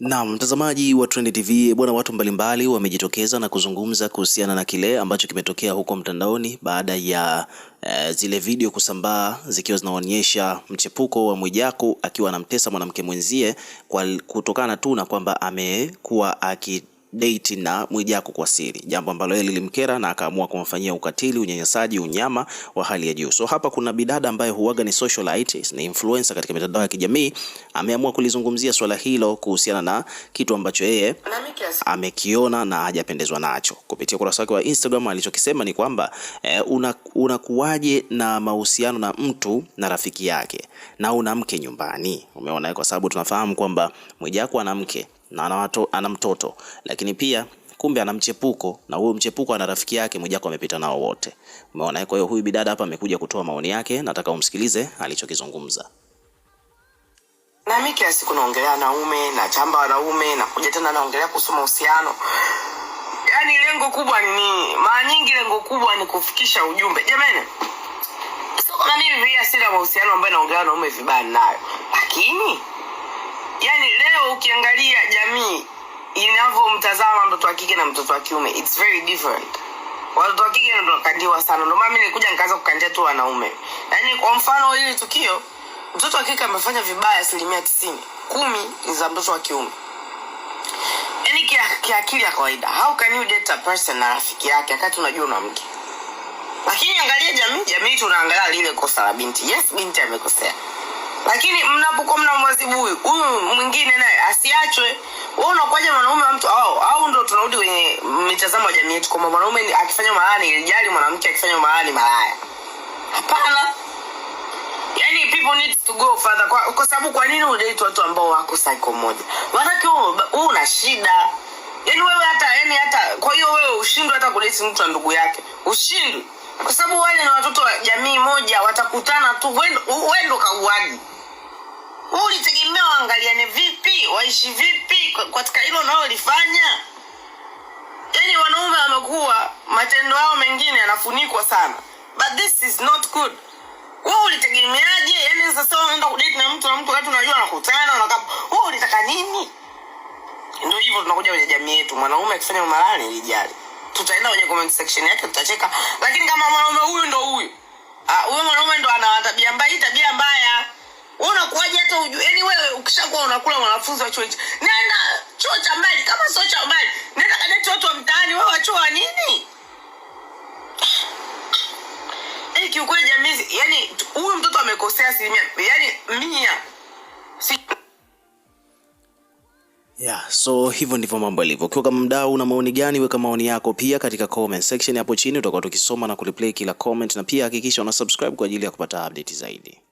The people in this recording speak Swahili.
Na mtazamaji wa Trend TV bwana, watu mbalimbali wamejitokeza na kuzungumza kuhusiana na kile ambacho kimetokea huko mtandaoni baada ya e, zile video kusambaa zikiwa zinaonyesha mchepuko wa Mwijaku akiwa anamtesa mwanamke mwenzie kwa kutokana tu na kwamba amekuwa aki date na Mwijaku kwa siri, jambo ambalo yeye lilimkera na akaamua kumfanyia ukatili, unyanyasaji, unyama wa hali ya juu. So hapa kuna bidada ambaye huaga ni socialite, ni influencer katika mitandao ya kijamii, ameamua kulizungumzia swala hilo kuhusiana na kitu ambacho yeye amekiona na hajapendezwa nacho kupitia ukurasa wake wa Instagram. Alichokisema ni kwamba eh, unakuwaje una na mahusiano na mtu na rafiki yake na una mke nyumbani? Umeona, kwa sababu tunafahamu kwamba Mwijaku ana mke na ana, wato, ana mtoto lakini pia kumbe ana mchepuko na huyo mchepuko ana rafiki yake Mwijaku amepita nao wote. Umeona? Kwa hiyo huyu bidada hapa amekuja kutoa maoni yake, nataka umsikilize alichokizungumza. Na mimi kila siku naongelea wanaume na chamba wanaume na kuja tena naongelea kuhusu mahusiano. Yaani lengo kubwa ni nini? Mara nyingi lengo kubwa ni kufikisha ujumbe. Jamani, sio na mimi vile sina mahusiano ambayo naongelea wanaume vibaya nayo. Lakini yani ukiangalia jamii inavyomtazama mtoto wa kike na mtoto wa kiume it's very different watoto wa kike nakandiwa sana ndio maana nilikuja nikaanza kukandia tu wanaume yaani kwa mfano hili tukio mtoto wa kike amefanya vibaya asilimia tisini kumi ni za mtoto wa kiume yaani kiakili ya kawaida how can you date a person na rafiki yake akati unajua una mke lakini angalia jamii jamii tunaangalia lile kosa la binti yes binti amekosea lakini mnapokuwa huyu mwingine naye asiachwe we unakuwaje mwanaume wa mtu au, au ndo tunarudi kwenye mitazamo ya jamii yetu kwamba mwanaume akifanya malaya ni ilijali mwanamke akifanya malaya ni malaya hapana yani people need to go further kwa, kwa sababu kwa nini udate watu ambao wako psycho moja maanake huu una shida yani wewe hata yani hata kwa hiyo wewe ushindwe hata kudate mtu wa ndugu yake ushindwe kwa sababu wale ni watoto wa jamii moja watakutana tu wewe wewe ndo kauaji waangaliane vipi, waishi vipi katika hilo unaolifanya. yani wanaume wamekuwa matendo yao mengine yanafunikwa sana, but this is not good. Wewe ulitegemeaje? yani sasa unaenda kudate na mtu na mtu wakati unajua anakutana, unakaa wewe unataka nini? Ndio hivyo tunakuja kwenye jamii yetu, mwanaume akifanya umalani ilijali tutaenda kwenye comment section yake tutacheka, lakini kama mwanaume huyu ndo huyu ah, huyo mwanaume ndo ana tabia mbaya, tabia mbaya, wewe unakuwaje hata ujue? yani wewe ulikuwa unakula wanafunzi wa chuo hicho. Nenda chuo cha mbali, kama sio cha mbali, nenda kadeti watu wa mtaani, wewe chuo wa nini? Eh, kiukweli jamii, yani huyu mtoto amekosea asilimia yani mia Yeah, so hivyo ndivyo mambo yalivyo. Ukiwa kama mdau, una maoni gani? Weka maoni yako pia katika comment section hapo chini, tutakuwa tukisoma na kureplay kila comment, na pia hakikisha una subscribe kwa ajili ya kupata update zaidi.